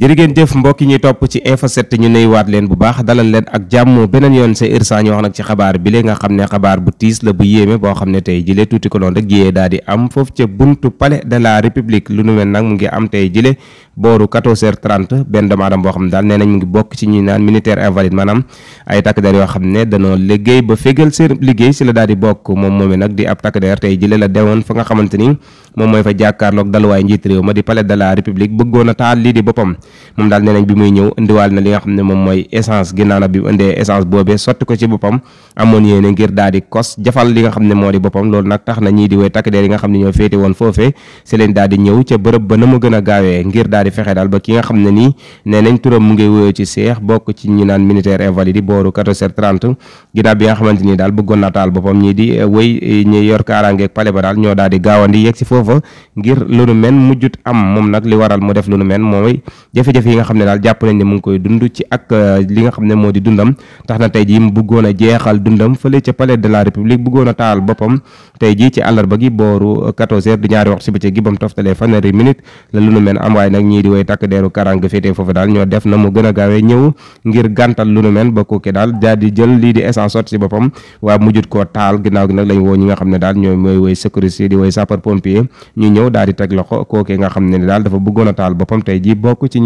jërë ngeen jëf mbokk yi topp ci info 7 ñu nuyuwaat leen bu baax dalal leen ak jàmm beneen yoon sa irsa ñu wax nag ci xabaar bi nga xam ne xabaar bu tiis la bu yéeme boo xam ne tey jile tuuti ko loon rek yee daal di am foofu ca buntu palais de république lu nu mel nag mu ngi am tey jile booru 14h30 benn doomu aadama boo xam ne daal nee nañ mu ngi bokk ci ñu naan militaire invalide maanaam ay takk yoo xam ne danoo liggéey ba fégal seen liggéey si la daal di bokk moom moomee nag di ab takk der tey jile la dewoon fa nga xamante ni moom mooy fa jàkkaarloog daluwaay njiit réew ma di la république bëggoon a taal lii moom daal nee bi muy ñëw ndiwaal na li nga xam ne moom mooy essence ginnaaw na bi mu indee essence boobee sotti ko ci boppam amoon yéene ngir daal di kos jafal li nga xam ne moo di boppam loolu nag tax na ñii di woy takk deer yi nga xam ñoo féete woon foofee si daal di ñëw ca bërëb ba na mu gën ngir daal di fexe daal ba ki nga xam ne nii nee nañ turam mu ngi woyoo ci bokk ci ñi naan militaire invalide booru 14h30 ginnaaw bi xamante nii daal bëggoon na taal boppam ñii di eh, woy eh, ñi yor kaaraangeeg pale ba daal ñoo daal di gaawandi yegg si foofa ngir lu nu men mujjut am moom nag li waral mu def lu nu men mooy jafe-jafe yi nga xam ne daal jàpp nañ ne mu ngi koy dund ci ak euh, li nga xam ne moo di dundam tax na tey jii mu bëggoon jeexal dundam fële ca palais de la république bëggoon taal boppam tey jii ci gi booru la lu ñi nga xam ne daal ñooy mooy woy sécurité di woy sapeur pompier ñu ñëw daal di teg a taal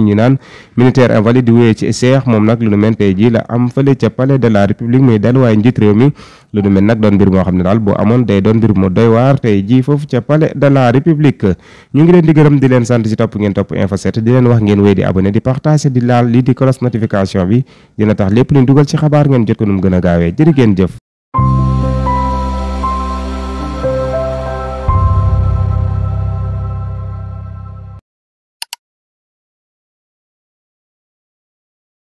ñu naan militaire invalide di wéyee seex moom nag lu nu mel tey jii la am fële ca palais de république muy delluwaay njiit réew mi lu nu mel doon mbir moo xam ne daal bu amoon day doon mbir mu doy waar tey jii foofu ca palais république ñu ngi leen di gërëm di leen sant ci topp ngeen topp info 7 di leen wax ngeen wéy di abonné di partager di laal lii di cloche notification bi dina tax lépp luñ dugal ci xabaar ngeen jot ko nu mu gën a gaawee jërë ngeen jëf